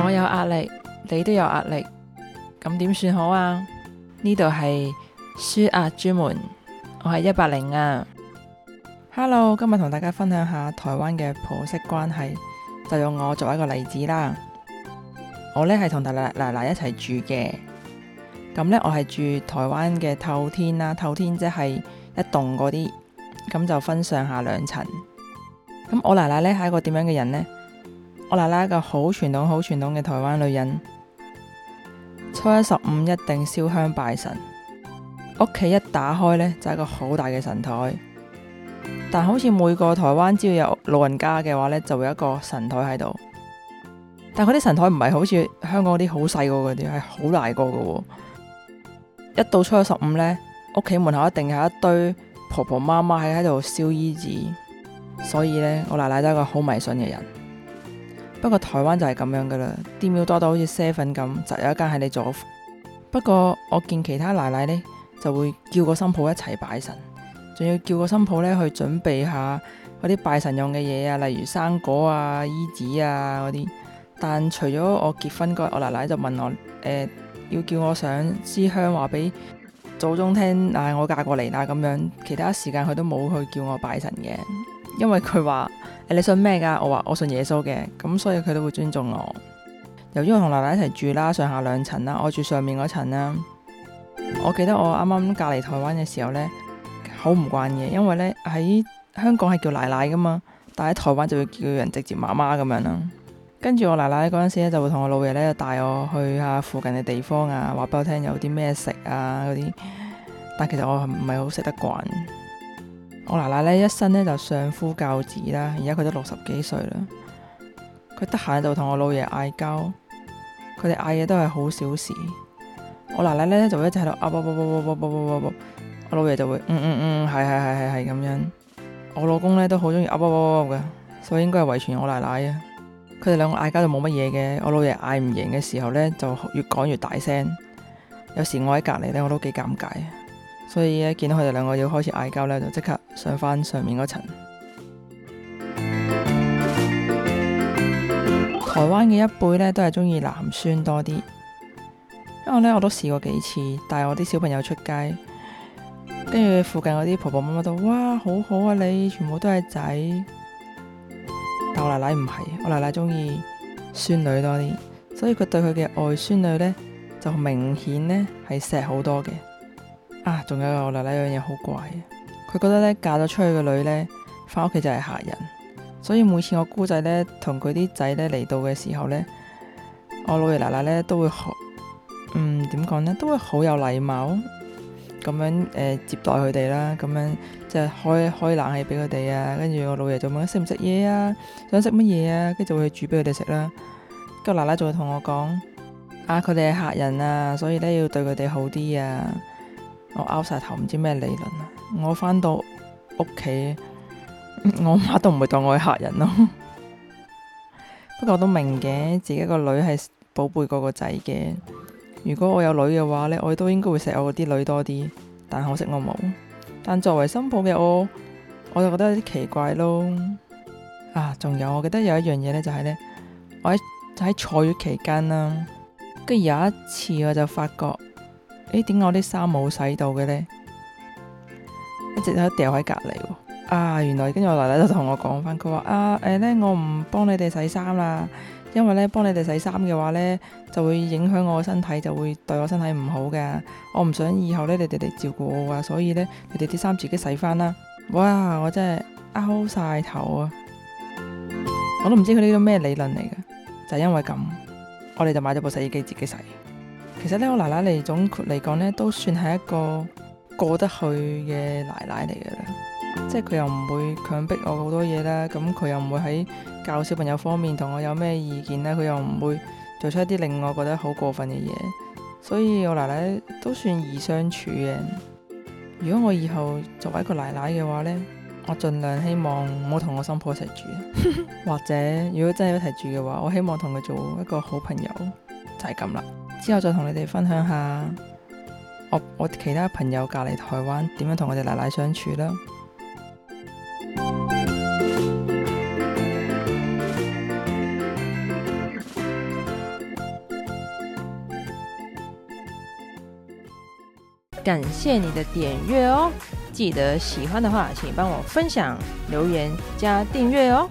我有壓力，你都有壓力，咁點算好啊？呢度係舒壓專門，我係一百零啊。Hello，今日同大家分享下台灣嘅婆媳關係，就用我作為一個例子啦。我呢係同奶奶奶奶一齊住嘅，咁呢，我係住台灣嘅透天啦，透天即係。一棟嗰啲咁就分上下兩層。咁我奶奶呢係一個點樣嘅人呢？我奶奶一個好傳統、好傳統嘅台灣女人。初一十五一定燒香拜神。屋企一打開呢，就係一個好大嘅神台。但好似每個台灣只要有老人家嘅話呢，就會有一個神台喺度。但嗰啲神台唔係好似香港嗰啲好細個嗰啲，係好大個噶。一到初一十五呢。屋企門口一定係一堆婆婆媽媽喺喺度燒衣紙，所以呢，我奶奶都係一個好迷信嘅人。不過台灣就係咁樣噶啦，啲廟多到好似啡粉咁，就有一間喺你左。不過我見其他奶奶呢，就會叫個新抱一齊拜神，仲要叫個新抱呢去準備下嗰啲拜神用嘅嘢啊，例如生果啊、衣紙啊嗰啲。但除咗我結婚嗰日，我奶奶就問我，呃，要叫我上支香話俾。祖宗聽，但係、啊、我嫁過嚟啦咁樣，其他時間佢都冇去叫我拜神嘅，因為佢話，誒，你信咩噶？我話我信耶穌嘅，咁所以佢都會尊重我。由於我同奶奶一齊住啦，上下兩層啦，我住上面嗰層啦。我記得我啱啱嫁嚟台灣嘅時候呢，好唔慣嘅，因為呢，喺香港係叫奶奶噶嘛，但係喺台灣就會叫人直接媽媽咁樣啦。跟住我奶奶嗰陣時咧，就會同我老爺咧，帶我去下附近嘅地方啊，話俾我聽有啲咩食啊嗰啲。但其實我唔係好食得慣。我奶奶咧一生咧就相夫教子啦，而家佢都六十幾歲啦。佢得閒就同我老爺嗌交，佢哋嗌嘢都係好小事。我奶奶咧就會一直喺度噏噏噏噏噏噏噏噏，我老爺就會嗯嗯嗯，係係係係係咁樣。我老公咧都好中意噏噏噏噏嘅，所以應該係遺傳我奶奶啊。佢哋兩個嗌交，就冇乜嘢嘅。我老爺嗌唔贏嘅時候呢，就越講越大聲。有時我喺隔籬呢，我都幾尷尬。所以呢，見到佢哋兩個要開始嗌交呢，就即刻上返上面嗰層。 台灣嘅一輩呢，都係中意男孫多啲，因為呢，我都試過幾次，帶我啲小朋友出街，跟住附近嗰啲婆婆媽媽都，哇，好好啊你，全部都係仔。我奶奶唔係，我奶奶中意孫女多啲，所以佢對佢嘅外孫女呢，就明顯呢係錫好多嘅。啊，仲有個我奶奶有樣嘢好怪，佢覺得呢，嫁咗出去嘅女呢，翻屋企就係客人，所以每次我姑仔呢同佢啲仔呢嚟到嘅時候呢，我老爺奶奶呢都會好，嗯，點講呢，都會好，嗯，有禮貌。咁樣誒、呃、接待佢哋啦，咁樣即係開開冷氣俾佢哋啊，跟住我老爺就問食唔食嘢啊，想食乜嘢啊，跟住就會煮俾佢哋食啦。跟住奶奶就會同我講啊，佢哋係客人啊，所以咧要對佢哋好啲啊。我拗晒頭，唔知咩理論啊。我翻到屋企，我媽都唔會當我係客人咯。 不過我都明嘅，自己個女係寶貝過個仔嘅。如果我有女嘅話咧，我都應該會錫我啲女多啲，但可惜我冇。但作為新抱嘅我，我就覺得有啲奇怪咯。啊，仲有我記得有一樣嘢咧，就係咧，我喺坐月期間啦，跟住有一次我就發覺，誒、欸，點解我啲衫冇洗到嘅咧？一直都掉喺隔籬。啊，原來跟住我奶奶就同我講翻，佢話啊，誒、呃、咧，我唔幫你哋洗衫啦，因為咧幫你哋洗衫嘅話咧，就會影響我身體，就會對我身體唔好噶。我唔想以後咧你哋嚟照顧我啊，所以咧你哋啲衫自己洗翻啦。哇，我真係拗晒頭啊！我都唔知佢呢個咩理論嚟嘅，就係、是、因為咁，我哋就買咗部洗衣機自己洗。其實咧我奶奶嚟總括嚟講咧，都算係一個過得去嘅奶奶嚟嘅啦。即係佢又唔會強迫我好多嘢啦，咁佢又唔會喺教小朋友方面同我有咩意見咧。佢又唔會做出一啲令我覺得好過分嘅嘢，所以我奶奶都算易相處嘅。如果我以後作為一個奶奶嘅話呢，我盡量希望唔好同我新抱一齊住， 或者如果真係一齊住嘅話，我希望同佢做一個好朋友就係咁啦。之後再同你哋分享下我，我其他朋友隔籬台灣點樣同我哋奶奶相處啦。感謝你的點閱哦，記得喜歡的話，請幫我分享、留言、加訂閱哦。